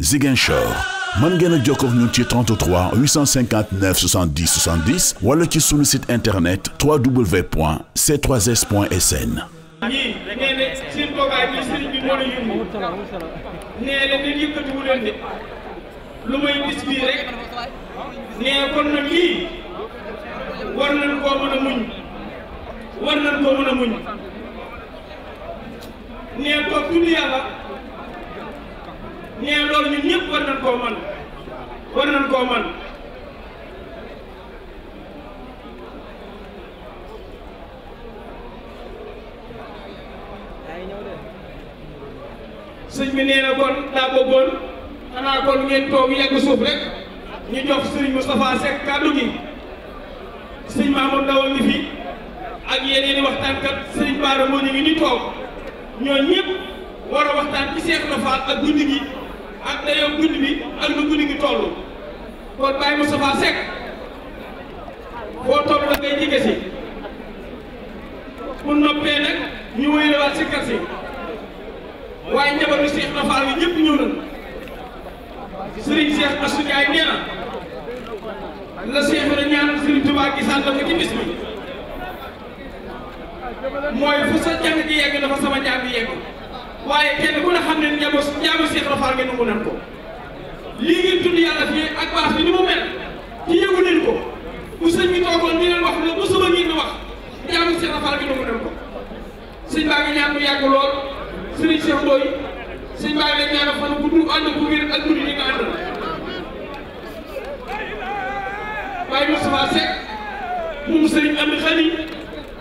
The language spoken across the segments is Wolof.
Ziguinchor mën ngeen a jokkoo ak ñun ci 33 859 70 70 wala ci sunu site internet www.c3s.sn. ñii nee na seen toogaay bi sëriñ bi moo la yóbbu nee na dañuy yëkkatiwu leen lu may gis bii rek nee na kon nag lii war nañ koo mën a muñ war nañ koo mën a muñ nee ko tudd nee lool loolu ñun ñëpp war nañ koo man war nañ koo man sëñ bi nee na kon daa xanaa kon ngeen toog yegg suuf rek ñu jox sëriñ Moustapha Seck kàddu gi sëñ Mamadou Ndaw ngi fi ak yeneen i waxtaankat sëriñ Baara moo ñu ngi ni toog ñoo ñëpp war a waxtaan ci Seex Ibra Faal ak guddi gi ak dayoo guddi bi ak lu guddi gi toll kon Baye Moustapha Seck boo toll da ngay jege si bu noppee nag ñu wéyalewaat si kër si waaye njabootu Cheikh Ibra Fall yi ñëpp ñëw nañu Serigne Cheikh Assou Ndiaye nee na la Cheikh Ibra ñaanal Serigne Touba gisaan la ci bis bi mooy fu sa jàng gi yegg dafa sama jàng yegg. waaye kenn ku ne xam ne njaamu njaamu Seex Ibra Faal ngeen nangu nan ko lii ngeen tudd fii ak baas bi ni mu mel ci yëgu leen ko bu sëñ bi toogoon di leen wax ne bu suba ngeen di wax njaamu Seex Ibra Faal ngeen nangu nan ko sëñ baa ngi ñaan mu yàgg lool sëriñ Cheikh Ndoye sëñ baa ngi leen ñaan fan bu dugg ànd bu wér ak guddi yi nga àndal waaye Moustapha Seck moom sëriñ Amdi Xani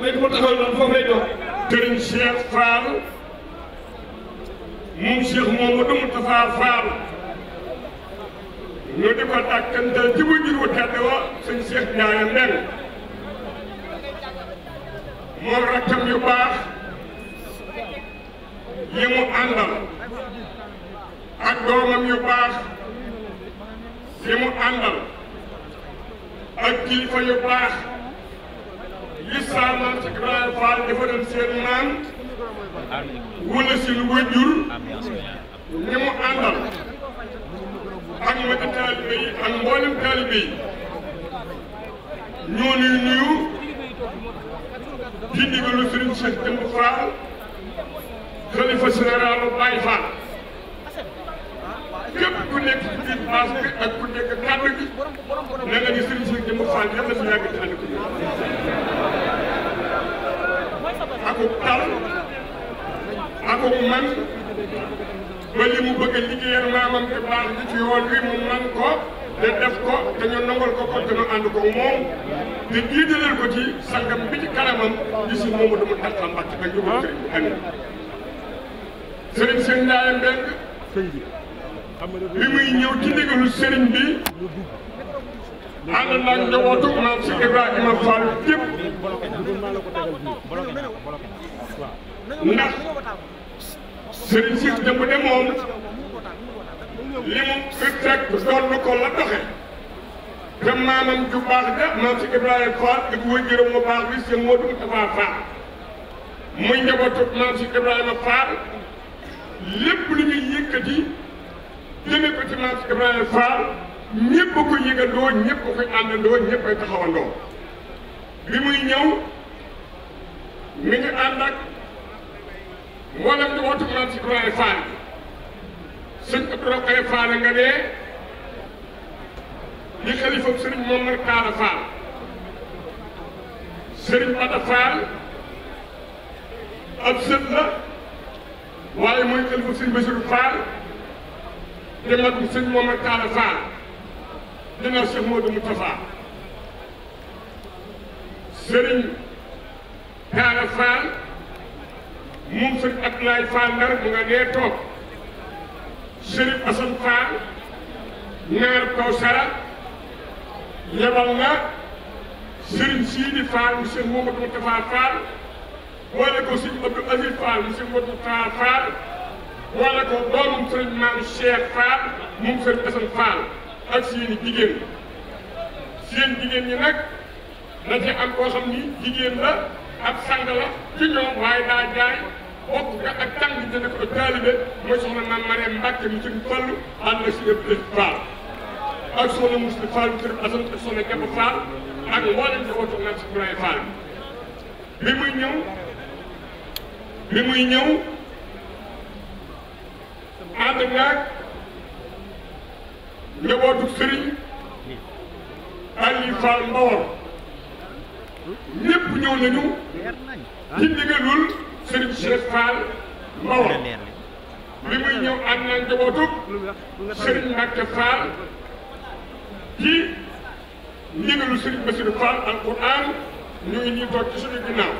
may ko taxawal noonu foofu lay doon sëriñ Cheikh Fall moom Cheikh Mouhamadou Moustapha Fall ñu di ko tàkkantal ci wajur wu tedd wa sëñ Cheikh Ndiaye Mbeng moom rakkam yu baax yi mu àndal ak doomam yu baax yi mu àndal ak kilifa yu baax yi saamal ci Ibrahima Fall dafa doon seen naan wala seen wajur ñi mu àndal ak mbokki taalibe yi ak mboolem taalibe ñoo nuyu nuyu di ndigalu Serigne Cheikh Jëmb Fall xalifa général Baye Fall képp ku nekk ci biir base bi ak ku nekk kàddu gi na nga ni Serigne Jëmb Fall yàlla na fi yàgg ko mu man ba li mu bëgg a liggéeyal maamam te baal di ci yoon wi mu man ko te def ko te ñu nangol ko ko te ñu ànd ko moom te jiitalal ko ci sangam bi ci kanamam di si moomu dama taxaw mbàcc ba ñu ko kër amiin sëriñ sëriñ Ndiaye Mbengue bi muy ñëw ci ndigalu sëriñ bi ànd naag njabootu maam si Ibrahima Fall yëpp ndax Serigne Cheikh Jëmb de moom li mu fi teg doon ko la doxe te maamam ju baax ja maam si Ibrahima Fall ak waajuram mu baax bi sëñ Modou Moustapha Fall muy njabootu maam si Ibrahima Fall lépp lu ñuy yëkkati jëme ko ci maam si Ibrahima Fall ñëpp ko yëgandoo ñëpp ko àndandoo ñëpp ay taxawandoo bi muy ñëw mi ngi ànd ak mboolem di wootu maam si Ibrahima Fall sëñ Abdoulaye Fall nga ne li xalifam sëriñ Momar Talla Fall sëriñ Mata Fall ab sët la waaye mooy xalifa sëñ Bassirou Fall te mag sëñ Momar Talla Fall dina Cheikh Modou Moustapha sëriñ Talla Fall moom sëñ Abdoulaye Fall Ndar mu nga nee toog Chérif Assane Fall ñaar kaw sara yebal na Serigne Sidi Fall monsieur Mamadou Moustapha Fall boole ko sëñ Abdou Aziz Fall monsieur Mamadou Moustapha Fall boole ko doomam sëñ Maam Cheikh Fall moom sëñ Assane Fall ak seeni jigéen seen jigéen ñi nag na ci am koo xam jigéen la ab sang la ci daa jaay bokk nga ak tànk te ko taalibe mooy soxna maam Marème Mbacke mi suñu fàllu ànd ak suñu ëpp faal ak soxna Moussa Fall kër Assane ak soxna Kepa Fall ak mboolem sa woto naan si Ibrahima Fall bi muy ñëw bi muy ñëw ànd naag njabootu Serigne Aliou Fall Mbawor ñëpp ñëw nañu ci Serigne Cheikh Fall Mawal li muy ñëw ànd na njabootug Serigne Mbacke Fall ci ndigalu Serigne Bassirou Fall al Quran ñu ngi ñuy ci suñu ginnaaw.